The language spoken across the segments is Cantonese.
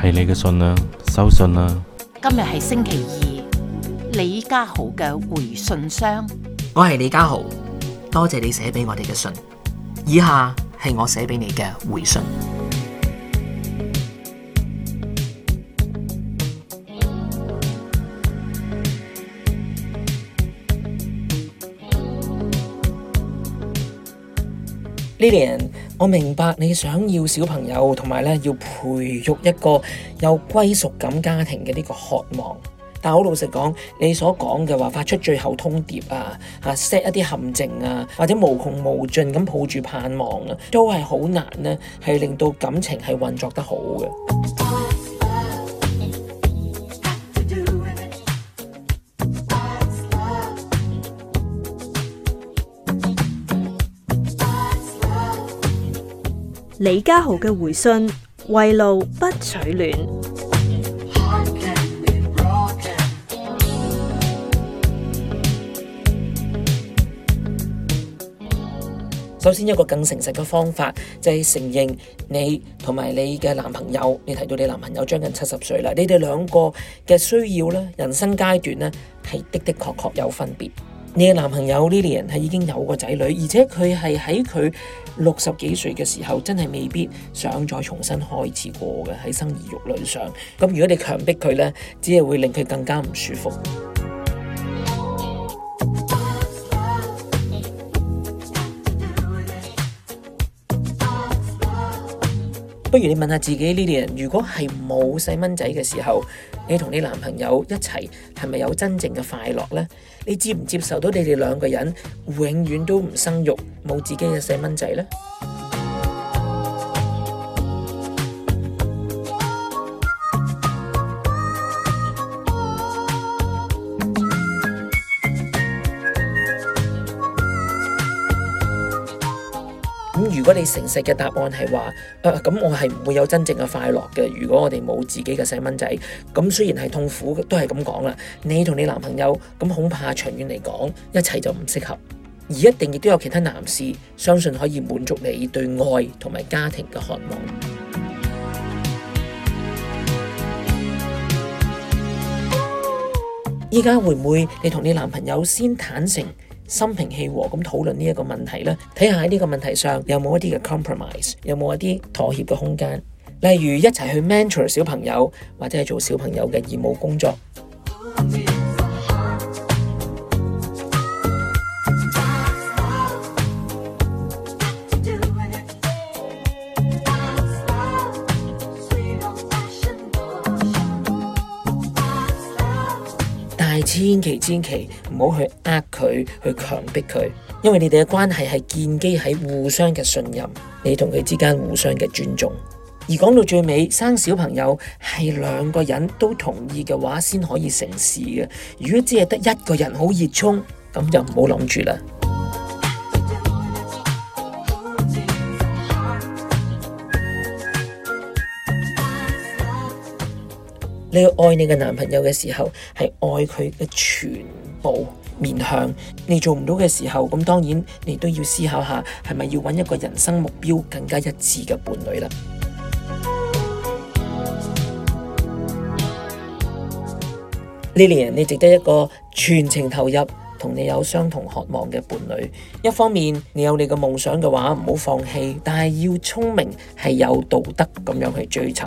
係你嘅信啦、啊，收信啦、啊。今日係星期二，李家豪嘅回信箱。我係李家豪，多謝你寫俾我哋嘅信。以下係我寫俾你嘅回信。Lilian 我明白你想要小朋友同埋咧，要培育一個有歸屬感家庭嘅呢個渴望，但好老實講，你所講嘅話，發出最後通牒啊，吓、啊、set 一啲陷阱啊，或者無窮無盡咁抱住盼望啊，都係好難呢，係令到感情係運作得好嘅。李家豪嘅回信：為路不取暖。首先，一個更誠實嘅方法，就係承認你同埋你嘅男朋友。你提到你男朋友將近七十歲啦，你哋兩個嘅需要咧，人生階段咧，係的的確確有分別。你嘅男朋友 Lillian，係已經有個仔女，而且佢係喺佢六十幾歲嘅時候，真係未必想再重新開始過嘅喺生兒育女上。咁如果你強迫佢呢，只係會令佢更加唔舒服。不如你問下自己呢啲人，Lillian，如果係冇細蚊仔嘅時候，你同你男朋友一齊係咪有真正嘅快樂呢？你接唔接受到你哋兩個人永遠都唔生育，冇自己嘅細蚊仔呢？咁如果你誠實嘅答案係話，誒、啊、咁我係唔會有真正嘅快樂嘅。如果我哋冇自己嘅細蚊仔，咁雖然係痛苦，都係咁講啦。你同你男朋友，咁恐怕長遠嚟講，一切就唔適合。而一定亦都有其他男士相信可以滿足你對愛同埋家庭嘅渴望。依家會唔會你同你男朋友先坦誠？心平氣和咁討論呢一個問題啦，睇下喺呢個問題上有冇一啲嘅 compromise，有冇一啲妥協嘅空間，例如一齊去 mentor 小朋友，或者係做小朋友嘅義務工作。千祈千祈唔好去呃佢，去強迫佢，因為你哋嘅關係係建基喺互相嘅信任，你同佢之間互相嘅尊重。而講到最尾，生小朋友係兩個人都同意嘅話先可以成事嘅，如果只係得一個人好熱衷，咁就唔好諗住啦。你要愛你嘅男朋友嘅時候，係愛佢嘅全部面向。你做唔到嘅時候，咁當然你都要思考下，係咪要揾一個人生目標更加一致嘅伴侶啦。 Lily，你值得一個全情投入、同你有相同渴望嘅伴侶。一方面，你有你嘅夢想嘅話，唔好放棄，但係要聰明，係有道德咁樣去追尋。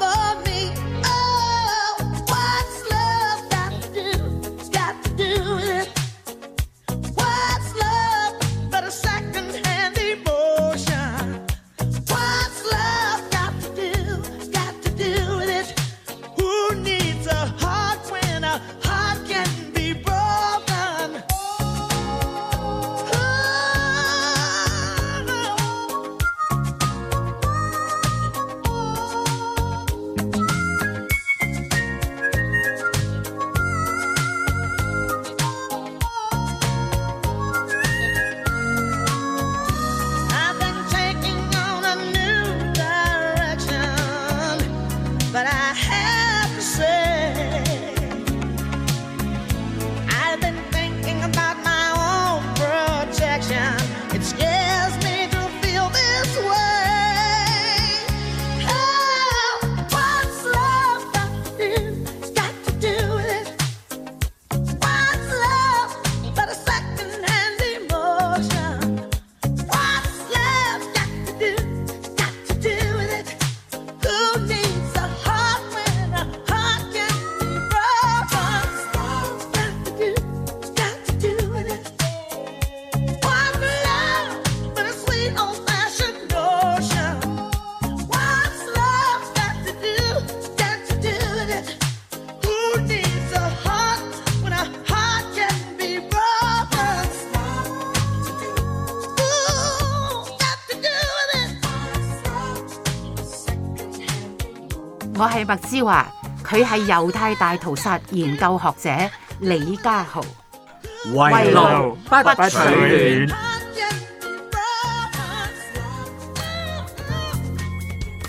我係麥之華，佢係猶太大屠殺研究學者李家豪。為路不取暖，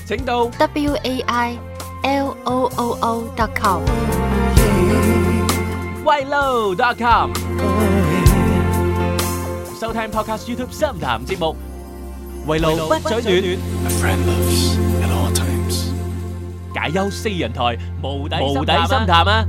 請到 wailoo.com。wailoo.com 收聽 Podcast YouTube 深談節目，為路不取暖。解憂四人台，無底深談啊！啊